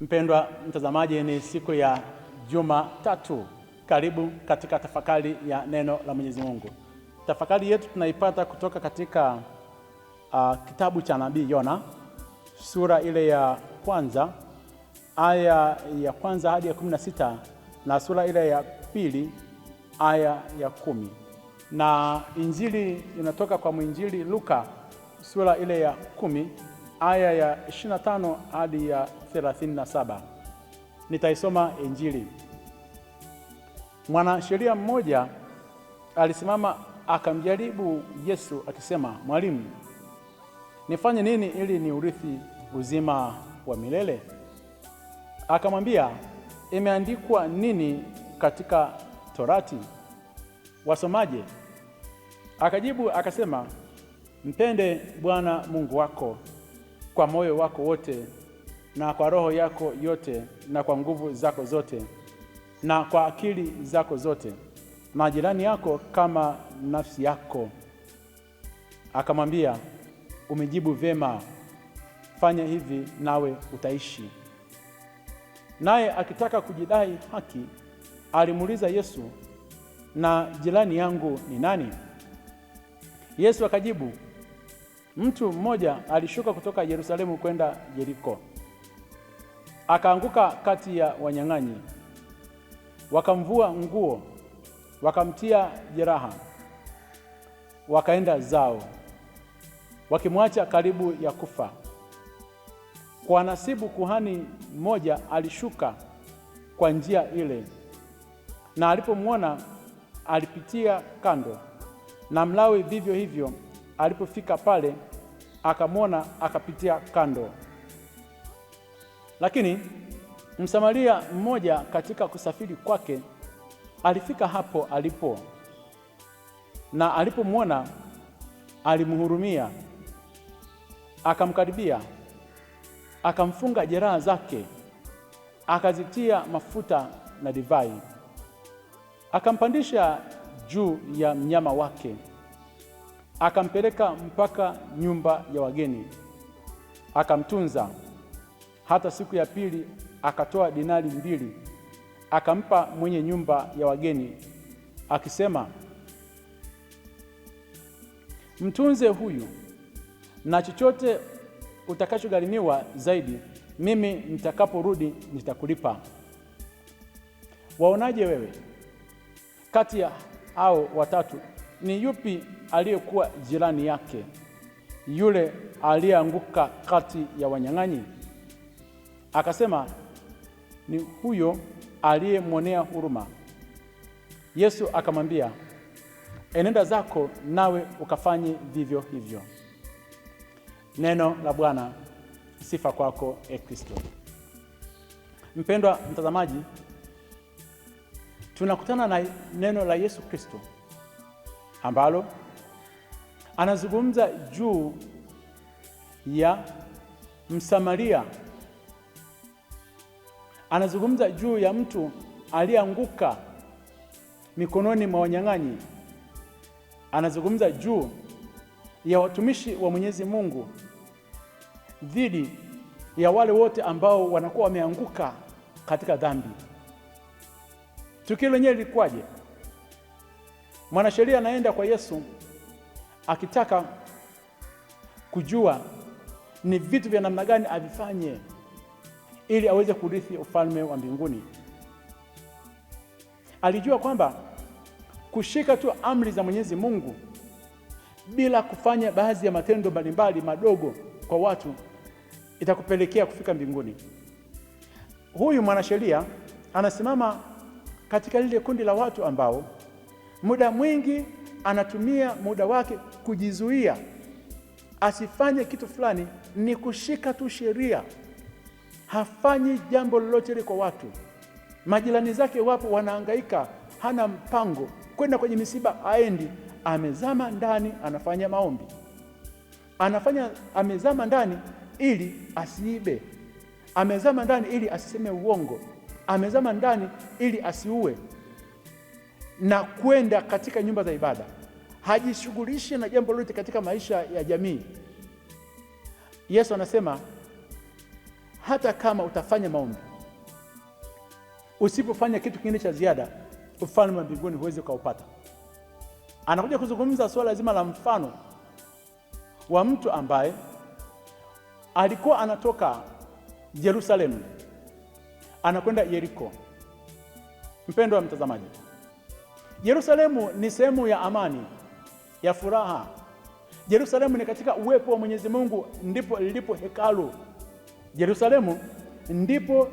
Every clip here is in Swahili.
Mpendwa mtazamaji, ni siku ya Jumatatu. Karibu katika tafakari ya neno la Mwenyezi Mungu. Tafakari yetu tunaipata kutoka katika uh, kitabu cha nabii Yona sura ile ya kwanza aya ya kwanza hadi ya kumi na sita na sura ile ya pili aya ya kumi na injili inatoka kwa mwinjili Luka sura ile ya kumi aya ya 25 hadi ya 37. Nitaisoma Injili. Mwanasheria mmoja alisimama akamjaribu Yesu akisema, Mwalimu, nifanye nini ili ni urithi uzima wa milele? Akamwambia, imeandikwa nini katika Torati? Wasomaje? Akajibu akasema, mpende Bwana Mungu wako kwa moyo wako wote na kwa roho yako yote na kwa nguvu zako zote na kwa akili zako zote, na jirani yako kama nafsi yako. Akamwambia, umejibu vyema, fanya hivi nawe utaishi. Naye akitaka kujidai haki alimuuliza Yesu, na jirani yangu ni nani? Yesu akajibu mtu mmoja alishuka kutoka Yerusalemu kwenda Yeriko, akaanguka kati ya wanyang'anyi, wakamvua nguo, wakamtia jeraha, wakaenda zao, wakimwacha karibu ya kufa. Kwa nasibu kuhani mmoja alishuka kwa njia ile, na alipomwona alipitia kando, na Mlawi vivyo hivyo Alipofika pale akamwona, akapitia kando. Lakini Msamaria mmoja katika kusafiri kwake alifika hapo alipo, na alipomwona alimhurumia, akamkaribia, akamfunga jeraha zake, akazitia mafuta na divai, akampandisha juu ya mnyama wake Akampeleka mpaka nyumba ya wageni akamtunza. Hata siku ya pili akatoa dinari mbili akampa mwenye nyumba ya wageni akisema, mtunze huyu, na chochote utakachogharimiwa zaidi, mimi nitakaporudi nitakulipa. Waonaje wewe kati ya hao watatu ni yupi aliyekuwa jirani yake, yule aliyeanguka kati ya wanyang'anyi? Akasema, ni huyo aliyemwonea huruma. Yesu akamwambia, enenda zako nawe ukafanye vivyo hivyo. Neno la Bwana. Sifa kwako e Kristo. Mpendwa mtazamaji, tunakutana na neno la Yesu Kristo ambalo anazungumza juu ya Msamaria, anazungumza juu ya mtu aliyeanguka mikononi mwa wanyang'anyi, anazungumza juu ya watumishi wa Mwenyezi Mungu dhidi ya wale wote ambao wanakuwa wameanguka katika dhambi. Tukio lenyewe lilikuwaje? Mwanasheria anaenda kwa Yesu akitaka kujua ni vitu vya namna gani avifanye ili aweze kurithi ufalme wa mbinguni. Alijua kwamba kushika tu amri za Mwenyezi Mungu bila kufanya baadhi ya matendo mbalimbali madogo kwa watu itakupelekea kufika mbinguni. Huyu mwanasheria anasimama katika lile kundi la watu ambao Muda mwingi anatumia muda wake kujizuia asifanye kitu fulani, ni kushika tu sheria, hafanyi jambo lolote ile kwa watu. Majirani zake wapo wanahangaika, hana mpango kwenda kwenye misiba, aendi, amezama ndani, anafanya maombi, anafanya amezama ndani ili asiibe, amezama ndani ili asiseme uongo, amezama ndani ili asiue na kwenda katika nyumba za ibada, hajishughulishi na jambo lolote katika maisha ya jamii. Yesu anasema hata kama utafanya maombi, usipofanya kitu kingine cha ziada, ufalme wa mbinguni huwezi ukaupata. Anakuja kuzungumza suala zima la mfano wa mtu ambaye alikuwa anatoka Yerusalemu anakwenda Yeriko. Mpendwa mtazamaji Yerusalemu ni sehemu ya amani, ya furaha. Yerusalemu ni katika uwepo wa Mwenyezi Mungu, ndipo lilipo hekalu. Yerusalemu ndipo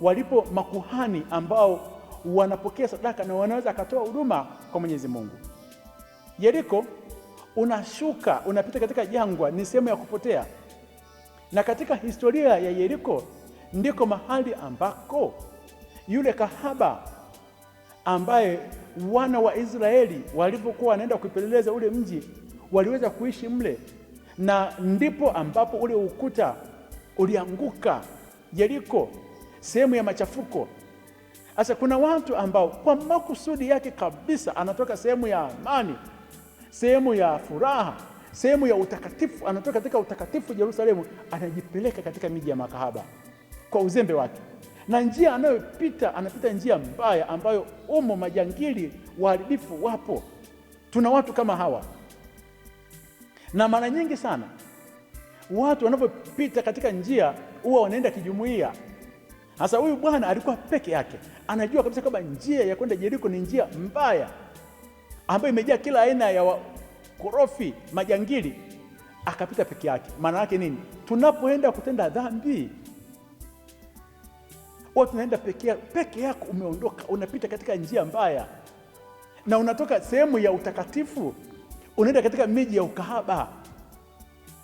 walipo makuhani ambao wanapokea sadaka na wanaweza akatoa huduma kwa Mwenyezi Mungu. Yeriko unashuka unapita katika jangwa, ni sehemu ya kupotea. Na katika historia ya Yeriko ndiko mahali ambako yule kahaba ambaye wana wa Israeli walipokuwa wanaenda kuipeleleza ule mji waliweza kuishi mle, na ndipo ambapo ule ukuta ulianguka Yeriko, sehemu ya machafuko. Sasa kuna watu ambao kwa makusudi yake kabisa anatoka sehemu ya amani, sehemu ya furaha, sehemu ya utakatifu, anatoka katika utakatifu Yerusalemu, anajipeleka katika miji ya makahaba kwa uzembe wake na njia anayopita anapita njia mbaya ambayo umo majangili waharibifu wapo. Tuna watu kama hawa, na mara nyingi sana watu wanavyopita katika njia huwa wanaenda kijumuia Sasa huyu bwana alikuwa peke yake, anajua kabisa kwamba njia ya kwenda Jeriko ni njia mbaya ambayo imejaa kila aina ya wakorofi, majangili, akapita peke yake. Maana yake nini? Tunapoenda kutenda dhambi wewe tunaenda peke peke yako, umeondoka, unapita katika njia mbaya, na unatoka sehemu ya utakatifu, unaenda katika miji ya ukahaba,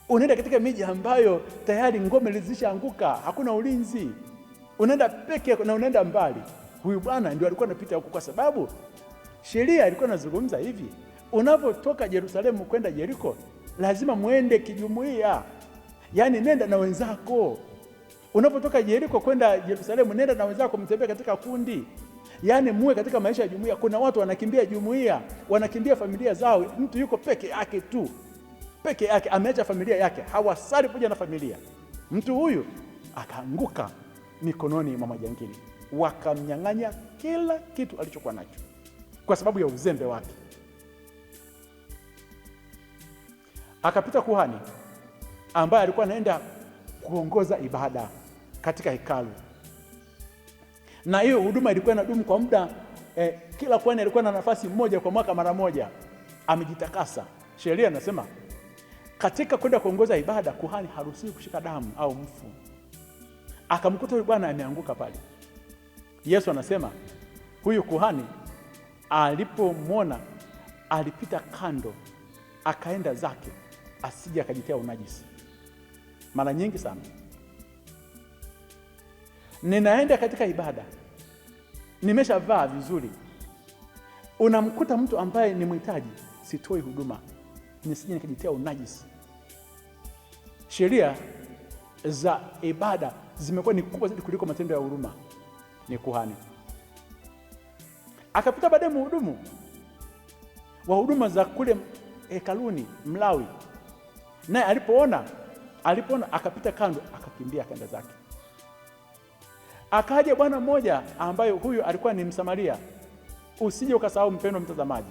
unaenda katika miji ambayo tayari ngome zishaanguka, hakuna ulinzi, unaenda peke yako na unaenda mbali. Huyu bwana ndio alikuwa anapita huko, kwa sababu sheria ilikuwa inazungumza hivi, unapotoka Yerusalemu kwenda Yeriko lazima muende kijumuiya, yaani nenda na wenzako. Unapotoka Yeriko kwenda Yerusalemu, nenda na wenzako, mtembee katika kundi, yaani muwe katika maisha ya jumuiya. Kuna watu wanakimbia jumuiya, wanakimbia familia zao, mtu yuko peke yake tu, peke yake, ameacha familia yake, hawasali pamoja na familia. Mtu huyu akaanguka mikononi mwa majangili, wakamnyang'anya kila kitu alichokuwa nacho kwa sababu ya uzembe wake. Akapita kuhani ambaye alikuwa anaenda kuongoza ibada katika hekalu, na hiyo huduma ilikuwa inadumu kwa muda eh, kila kwani alikuwa na nafasi mmoja kwa mwaka mara moja amejitakasa. Sheria inasema katika kwenda kuongoza ibada kuhani haruhusiwi kushika damu au mfu. Akamkuta huyu bwana ameanguka pale. Yesu anasema huyu kuhani alipomwona alipita kando akaenda zake, asije akajitia unajisi. Mara nyingi sana ninaenda katika ibada, nimeshavaa vizuri, unamkuta mtu ambaye ni mhitaji, sitoi huduma nisije nikajitia unajisi. Sheria za ibada zimekuwa ni kubwa zaidi kuliko matendo ya huruma. Ni kuhani akapita baadaye, mhudumu wa huduma za kule hekaluni, Mlawi naye alipoona alipoona, akapita kando, akakimbia akaenda zake. Akaja bwana mmoja ambaye huyu alikuwa ni Msamaria. Usije ukasahau mpendo mtazamaji,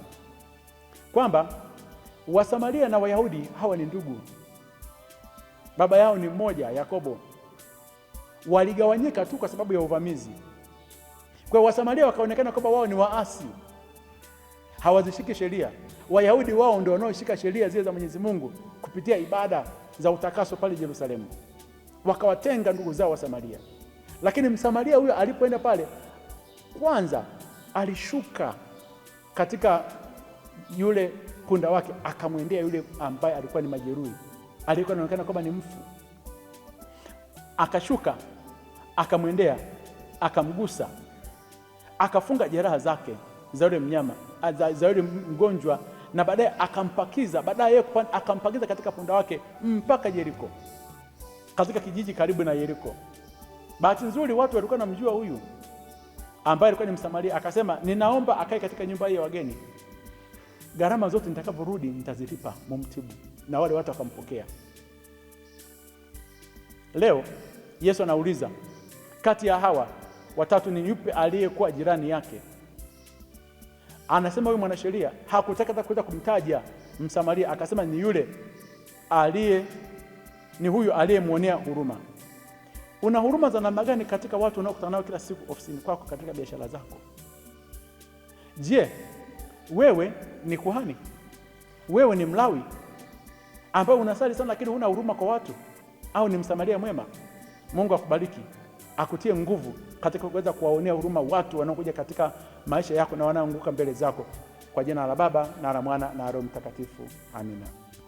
kwamba Wasamaria na Wayahudi hawa ni ndugu, baba yao ni mmoja, Yakobo. Waligawanyika tu kwa sababu ya uvamizi. Kwa Wasamaria wakaonekana kwamba wao ni waasi, hawazishiki sheria. Wayahudi wao ndio wanaoshika sheria zile za Mwenyezi Mungu kupitia ibada za utakaso pale Yerusalemu. Wakawatenga ndugu zao Wasamaria. Lakini Msamaria huyo alipoenda pale, kwanza alishuka katika yule punda wake akamwendea yule ambaye alikuwa ni majeruhi, alikuwa anaonekana kwamba ni mfu. Akashuka akamwendea, akamgusa, akafunga jeraha zake za yule mnyama za yule mgonjwa, na baadaye akampakiza, baadaye akampakiza katika punda wake mpaka Yeriko, katika kijiji karibu na Yeriko. Bahati nzuri watu walikuwa namjua huyu ambaye alikuwa ni Msamaria, akasema ninaomba akae katika nyumba hii ya wageni, gharama zote nitakavyorudi nitazilipa, mumtibu. Na wale watu wakampokea. Leo Yesu anauliza kati ya hawa watatu ni yupi aliyekuwa jirani yake? Anasema huyu mwanasheria hakutaka hata kuweza kumtaja Msamaria, akasema ni yule aliye, ni huyu aliyemwonea huruma. Una huruma za namna gani katika watu unaokutana nao kila siku ofisini kwako, katika biashara zako? Je, wewe ni kuhani? Wewe ni Mlawi ambaye unasali sana, lakini huna huruma kwa watu, au ni Msamaria mwema? Mungu akubariki, akutie nguvu katika kuweza kuwaonea huruma watu wanaokuja katika maisha yako na wanaoanguka mbele zako, kwa jina la Baba na la Mwana na Roho Mtakatifu, amina.